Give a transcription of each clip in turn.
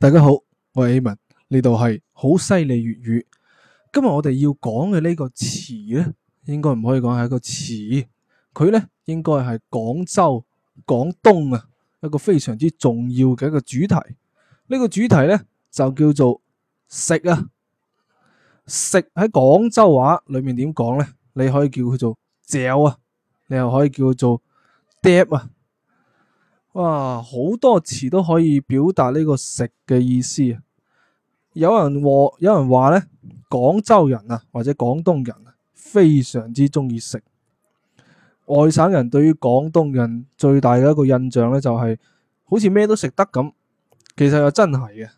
大家好，我係阿文。呢度係好犀利粵語。今日我哋要講嘅呢個詞呢，應該唔可以講係一個詞，佢呢應該係廣州、廣東啊一個非常之重要嘅一個主題。呢、呢個主題呢，就叫做食啊，食喺廣州話裏面點講呢？你可以叫佢做嚼啊，你又可以叫做嗲啊。哇，好多詞都可以表達呢個食嘅意思。有人話，有人話咧，廣州人啊或者廣東人、啊、非常之中意食。外省人對於廣東人最大嘅一個印象呢、就係，就係好似咩都食得咁。其實又真係嘅，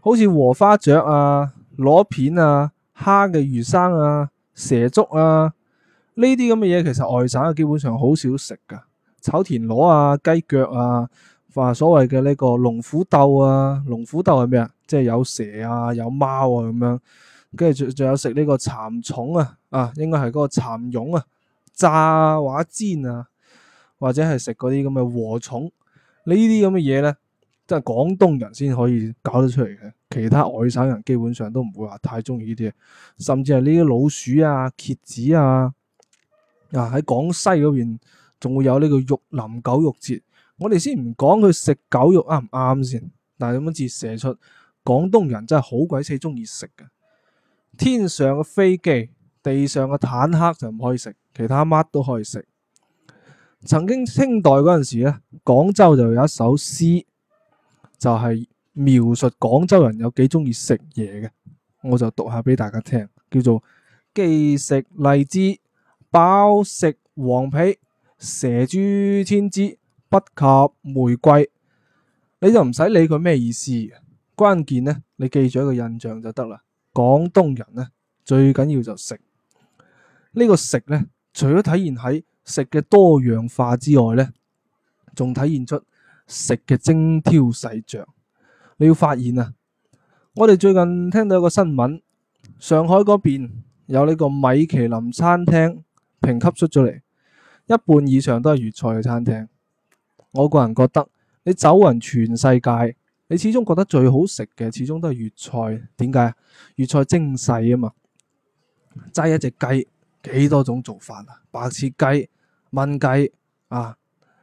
好似禾花雀啊、螺片啊、蝦嘅魚生啊、蛇粥啊呢啲咁嘅嘢，其實外省基本上好少食噶。炒田螺啊、雞腳啊，話、啊、所謂嘅呢個龍虎鬥啊，龍虎鬥係咩啊？即係有蛇啊、有貓啊咁樣，跟住仲有食呢個蠶蟲啊，啊應該係嗰個蠶蛹啊，炸或煎啊，或者係食嗰啲咁嘅禾蟲這這呢啲咁嘅嘢咧，即、就、係、是、廣東人先可以搞得出嚟嘅，其他外省人基本上都唔會話太中意呢啲啊，甚至係呢啲老鼠啊、蠍子啊，嗱、啊、喺廣西嗰邊。仲會有呢個玉林狗肉節，我哋先唔講佢食狗肉啱唔啱先。但係咁樣折射出廣東人真係好鬼死中意食嘅。天上嘅飛機，地上嘅坦克就唔可以食，其他乜都可以食。曾經清代嗰陣時咧，廣州就有一首詩，就係描述廣州人有幾中意食嘢嘅。我就讀下俾大家聽，叫做飢食荔枝，飽食黃皮。蛇豬千枝不及玫瑰，你就唔使理佢咩意思。關鍵呢，你記住一個印象就得啦。廣東人呢，最緊要就食呢、呢個食呢，除咗體現喺食嘅多樣化之外呢，仲體現出食嘅精挑細著。你要發現啊，我哋最近聽到一個新聞，上海嗰邊有呢個米其林餐廳評級出咗嚟。一半以上都係粵菜嘅餐廳。我個人覺得，你走勻全世界，你始終覺得最好食嘅始終都係粵菜。點解啊？粵菜精細啊嘛。齋一隻雞幾多種做法啊？白切雞、燜雞啊，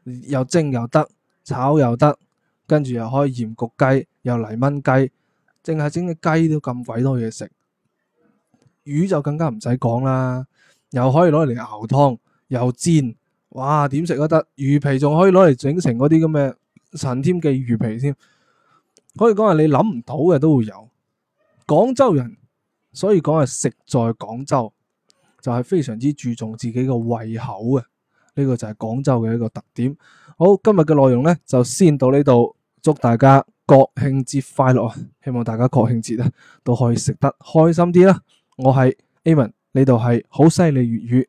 又蒸又得，炒又得，跟住又可以鹽焗雞、又嚟燜雞，淨係整隻雞都咁鬼多嘢食。魚就更加唔使講啦，又可以攞嚟熬湯。又煎，哇！點食都得，魚皮仲可以攞嚟整成嗰啲咁嘅陳添記魚皮添，可以講係你諗唔到嘅都會有。廣州人所以講係食在廣州，就係非常之注重自己個胃口嘅，呢個就係廣州嘅一個特點。好，今日嘅內容呢，就先到呢度，祝大家國慶節快樂啊！希望大家國慶節啊都可以食得開心啲啦。我係 A 文，呢度係好犀利粵語。